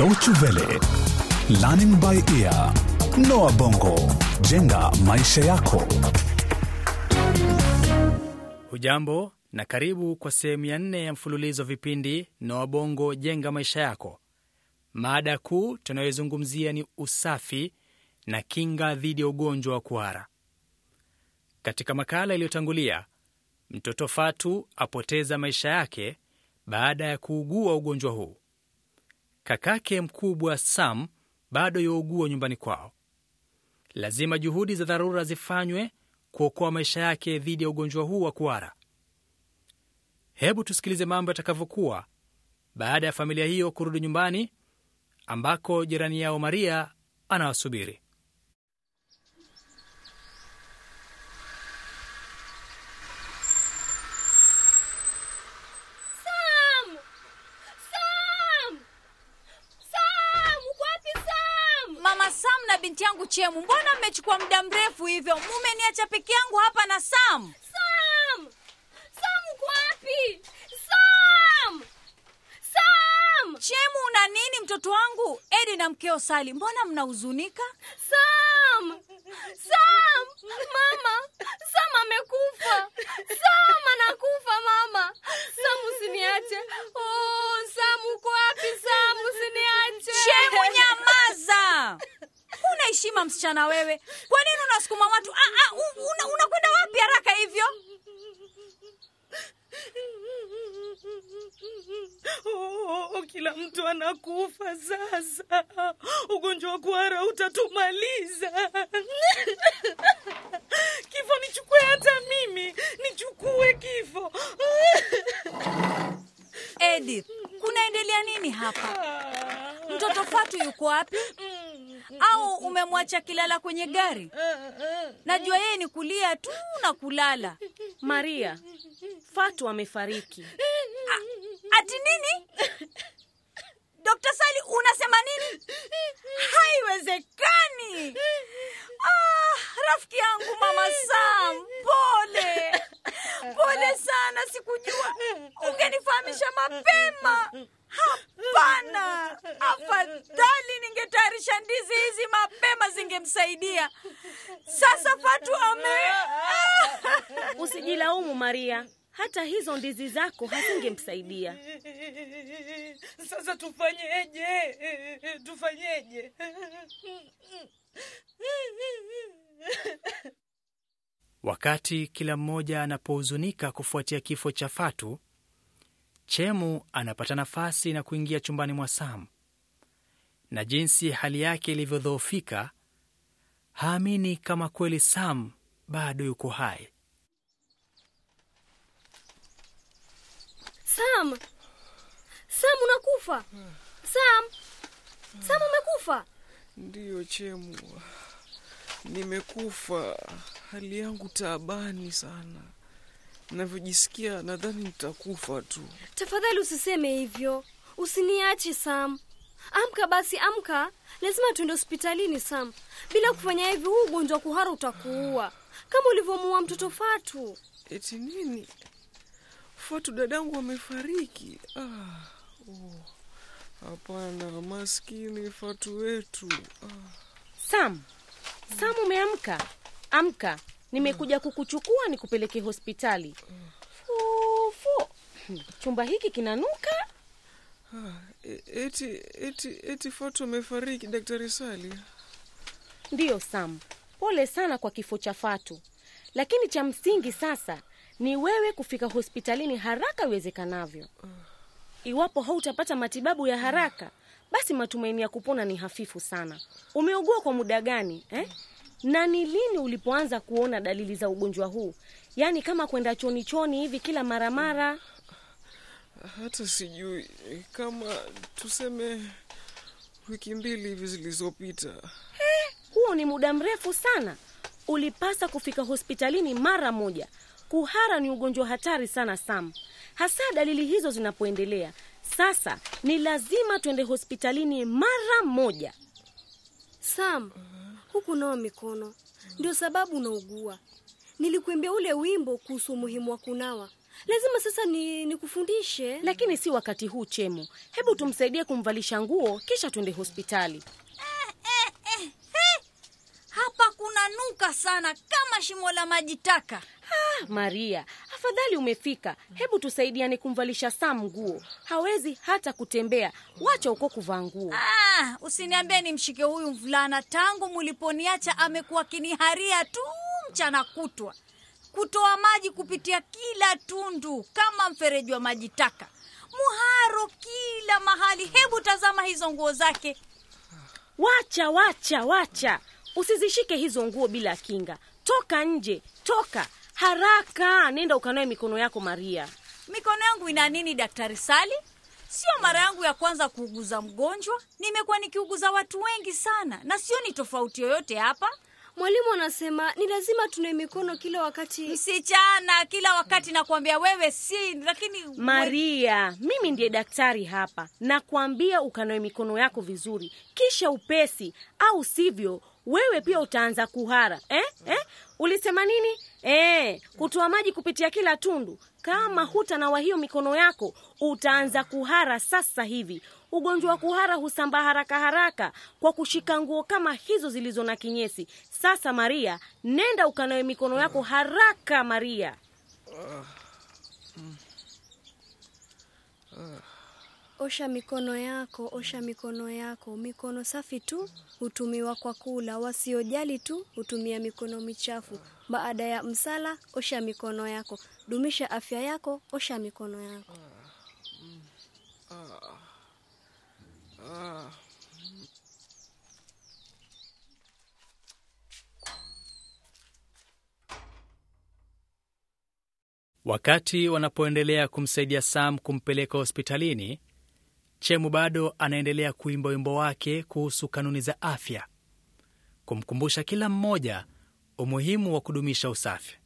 Welle, Learning by Ear, Noah Bongo, jenga maisha yako. Hujambo na karibu kwa sehemu ya nne ya mfululizo vipindi Noah Bongo, jenga maisha yako. Maada kuu tunayozungumzia ni usafi na kinga dhidi ya ugonjwa wa kuhara. Katika makala iliyotangulia, mtoto Fatu apoteza maisha yake baada ya kuugua ugonjwa huu. Kakake mkubwa Sam bado yaugua nyumbani kwao. Lazima juhudi za dharura zifanywe kuokoa maisha yake dhidi ya ugonjwa huu wa kuhara. Hebu tusikilize mambo yatakavyokuwa baada ya familia hiyo kurudi nyumbani ambako jirani yao Maria anawasubiri. binti yangu Chemu, mbona mmechukua muda mrefu hivyo? Mumeniacha peke yangu hapa na Sam. Sam, Sam uko wapi? Sam, Sam! Chemu, una nini mtoto wangu? Edi na mkeo Sali, mbona mnahuzunika? Sam, Sam mama, Sam amekufa. Sam anakufa mama. mzima msichana wewe, kwa nini unasukuma watu? Ah, ah, unakwenda wapi haraka hivyo? Oh, oh, oh, kila mtu anakufa sasa. Ugonjwa wa kuara utatumaliza. Kifo nichukue hata mimi, nichukue kifo. Edith, kunaendelea nini hapa? Ah. Mtoto Fatu yuko wapi? au umemwacha Kilala kwenye gari? Najua yeye ni kulia tu na kulala. Maria, Fatu amefariki. Ati nini? dokt Sali unasema nini? Haiwezekani. Ah, rafiki yangu Mama Sam, pole. Pole sana, sikujua. Ungenifahamisha mapema. Hapana, afadhali ningetayarisha ndizi hizi mapema, zingemsaidia. Sasa Fatu ame usijilaumu Maria, hata hizo ndizi zako hazingemsaidia. Sasa tufanyeje? Tufanyeje? Wakati kila mmoja anapohuzunika kufuatia kifo cha Fatu, Chemu anapata nafasi na kuingia chumbani mwa Sam, na jinsi hali yake ilivyodhoofika, haamini kama kweli Sam bado yuko hai. Sam, Sam unakufa! Sam, Sam umekufa? Ndiyo Chemu, nimekufa. Hali yangu taabani sana navyojisikia nadhani nitakufa tu. Tafadhali usiseme hivyo, usiniache Sam. Amka basi, amka, lazima tuende hospitalini Sam. Bila kufanya hivyo, huu ugonjwa kuhara utakuua kama ulivyomuua mtoto Fatu. Eti nini? Fatu dadangu amefariki? Ah, oh. Hapana, maskini Fatu wetu. Ah. Sam, Sam, umeamka? Amka, nimekuja kukuchukua nikupeleke hospitali fufu chumba hiki kinanuka ah, e- eti eti eti foto daktari sali ndiyo sam pole sana kwa kifo cha fatu lakini cha msingi sasa ni wewe kufika hospitalini haraka iwezekanavyo iwapo hautapata matibabu ya haraka basi matumaini ya kupona ni hafifu sana umeugua kwa muda gani eh? na ni lini ulipoanza kuona dalili za ugonjwa huu yaani kama kwenda choni choni hivi kila mara mara hata sijui kama tuseme wiki mbili hivi zilizopita huo ni muda mrefu sana ulipasa kufika hospitalini mara moja kuhara ni ugonjwa hatari sana sam hasa dalili hizo zinapoendelea sasa ni lazima twende hospitalini mara moja sam uh huku nao mikono, ndio sababu unaugua. Nilikuimbia ule wimbo kuhusu umuhimu wa kunawa. Lazima sasa ni nikufundishe, lakini si wakati huu. Chemu, hebu tumsaidie kumvalisha nguo kisha twende hospitali. hapa kuna nuka Hapa kunanuka sana kama shimo la maji taka. Ah, Maria, Tafadhali umefika, hebu tusaidiane kumvalisha Sam nguo, hawezi hata kutembea. Wacha uko kuvaa nguo. Ah, usiniambie mshike huyu mvulana. Tangu muliponiacha amekuwa kiniharia tu mchana kutwa, kutoa maji kupitia kila tundu kama mfereji wa maji taka, muharo kila mahali. Hebu tazama hizo nguo zake. Wacha, wacha, wacha, usizishike hizo nguo bila kinga. Toka nje, toka Haraka nenda ukanawe mikono yako Maria. Mikono yangu ina nini, Daktari Sali? Sio mara yangu ya kwanza kuuguza mgonjwa. Nimekuwa nikiuguza watu wengi sana, na sio ni tofauti yoyote hapa. Mwalimu anasema ni lazima tunawe mikono kila wakati. Msichana, kila wakati nakwambia wewe, si lakini Maria, mimi ndiye daktari hapa. Nakwambia ukanawe mikono yako vizuri, kisha upesi, au sivyo wewe pia utaanza kuhara eh? Eh? Ulisema nini? E, kutoa maji kupitia kila tundu. Kama hutanawa hiyo mikono yako, utaanza kuhara sasa hivi. Ugonjwa wa kuhara husambaa haraka haraka kwa kushika nguo kama hizo zilizo na kinyesi. Sasa Maria, nenda ukanawe mikono yako haraka, Maria. Uh, uh, uh. Osha mikono yako, osha mikono yako. Mikono safi tu hutumiwa kwa kula, wasiojali tu hutumia mikono michafu. Baada ya msala, osha mikono yako. Dumisha afya yako, osha mikono yako. Wakati wanapoendelea kumsaidia Sam kumpeleka hospitalini Chemu bado anaendelea kuimba wimbo wake kuhusu kanuni za afya, kumkumbusha kila mmoja umuhimu wa kudumisha usafi.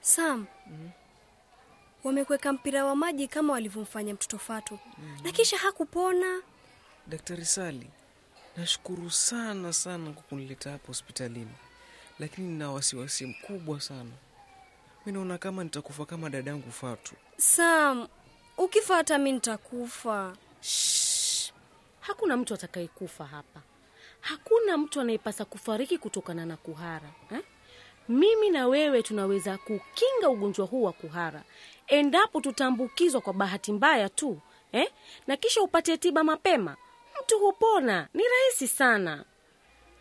Sam, mm. Mm-hmm. wamekweka mpira wa maji kama walivyomfanya mtoto Fatu mm. na kisha hakupona. Daktari Sali, nashukuru sana sana kwa kunileta hapa hospitalini, lakini nina wasiwasi mkubwa sana. Mi naona kama nitakufa kama dadangu Fatu. Sam, ukifa hata mi nitakufa hakuna mtu atakayekufa hapa hakuna mtu anayepasa kufariki kutokana na kuhara eh? mimi na wewe tunaweza kukinga ugonjwa huu wa kuhara endapo tutaambukizwa kwa bahati mbaya tu eh? na kisha upate tiba mapema mtu hupona ni rahisi sana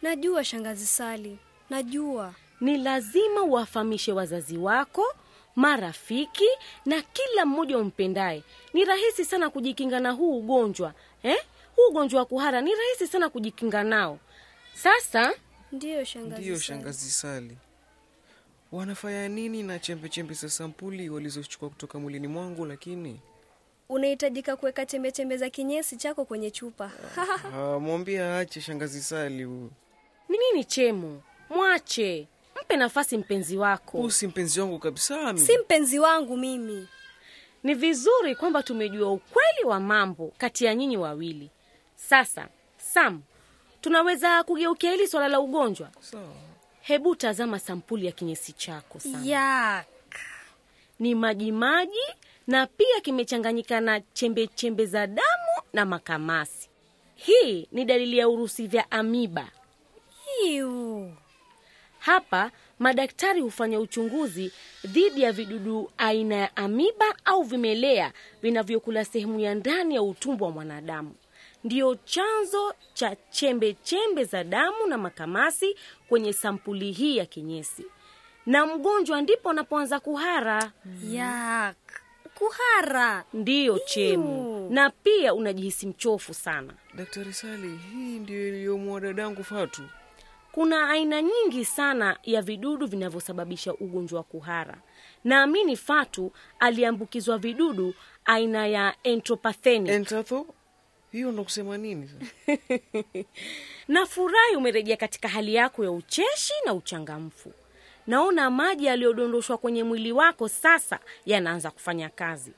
najua shangazi sali najua ni lazima uwafahamishe wazazi wako marafiki na kila mmoja umpendaye. Ni rahisi sana kujikinga na huu ugonjwa eh? Huu ugonjwa wa kuhara ni rahisi sana kujikinga nao. Sasa ndiyo shangazi, ndiyo shangazi Sali, wanafanya nini na chembechembe za sampuli walizochukua kutoka mwilini mwangu? Lakini unahitajika kuweka chembechembe za kinyesi chako kwenye chupa. Ah, mwambie aache shangazi Sali. Ni nini chemo? Mwache nipe nafasi mpenzi wako. Huyu si mpenzi wangu kabisa. Si mpenzi wangu mimi. Ni vizuri kwamba tumejua ukweli wa mambo kati ya nyinyi wawili. Sasa Sam, tunaweza kugeukia hili swala la ugonjwa so. Hebu tazama sampuli ya kinyesi chako Sam. Ni majimaji na pia kimechanganyika na chembe chembe za damu na makamasi. Hii ni dalili ya urusi vya amiba. Iu. Hapa madaktari hufanya uchunguzi dhidi ya vidudu aina ya amiba au vimelea vinavyokula sehemu ya ndani ya utumbo wa mwanadamu. Ndiyo chanzo cha chembe chembe za damu na makamasi kwenye sampuli hii ya kinyesi, na mgonjwa ndipo anapoanza kuhara mm-hmm. Yak. Kuhara ndiyo chemu, na pia unajihisi mchofu sana. Daktari Sali, hii ndiyo iliyomwa dadangu Fatu kuna aina nyingi sana ya vidudu vinavyosababisha ugonjwa wa kuhara naamini fatu aliambukizwa vidudu aina ya hiyo ndo kusema nini nafurahi umerejea katika hali yako ya ucheshi na uchangamfu naona maji yaliyodondoshwa kwenye mwili wako sasa yanaanza kufanya kazi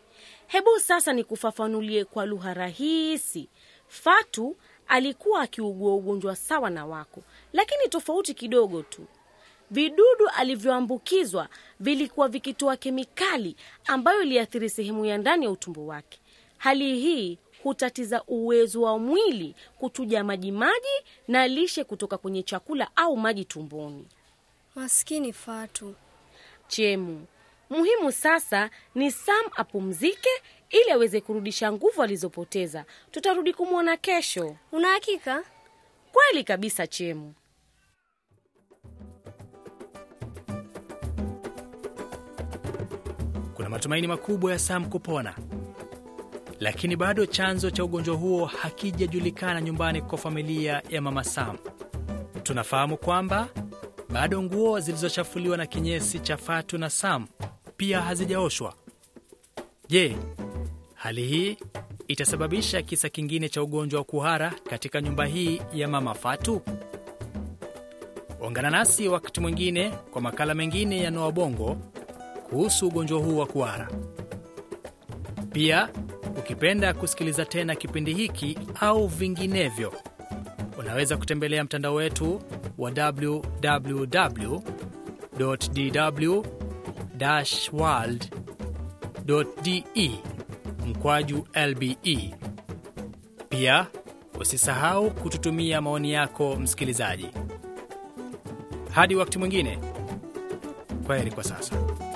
hebu sasa nikufafanulie kwa lugha rahisi fatu alikuwa akiugua ugonjwa sawa na wako lakini tofauti kidogo tu vidudu alivyoambukizwa vilikuwa vikitoa kemikali ambayo iliathiri sehemu ya ndani ya utumbo wake hali hii hutatiza uwezo wa mwili kuchuja majimaji na lishe kutoka kwenye chakula au maji tumboni maskini fatu chemu muhimu sasa ni sam apumzike ili aweze kurudisha nguvu alizopoteza. Tutarudi kumwona kesho. Una hakika? Kweli kabisa, Chemu. Kuna matumaini makubwa ya Sam kupona, lakini bado chanzo cha ugonjwa huo hakijajulikana nyumbani kwa familia ya mama Sam. Tunafahamu kwamba bado nguo zilizochafuliwa na kinyesi cha Fatu na Sam pia hazijaoshwa. Je, Hali hii itasababisha kisa kingine cha ugonjwa wa kuhara katika nyumba hii ya Mama Fatu. Ungana nasi wakati mwingine kwa makala mengine ya Noa Bongo kuhusu ugonjwa huu wa kuhara. Pia ukipenda kusikiliza tena kipindi hiki au vinginevyo, unaweza kutembelea mtandao wetu wa www dw de mkwaju LBE. Pia usisahau kututumia maoni yako msikilizaji. Hadi wakati mwingine, kwaheri kwa sasa.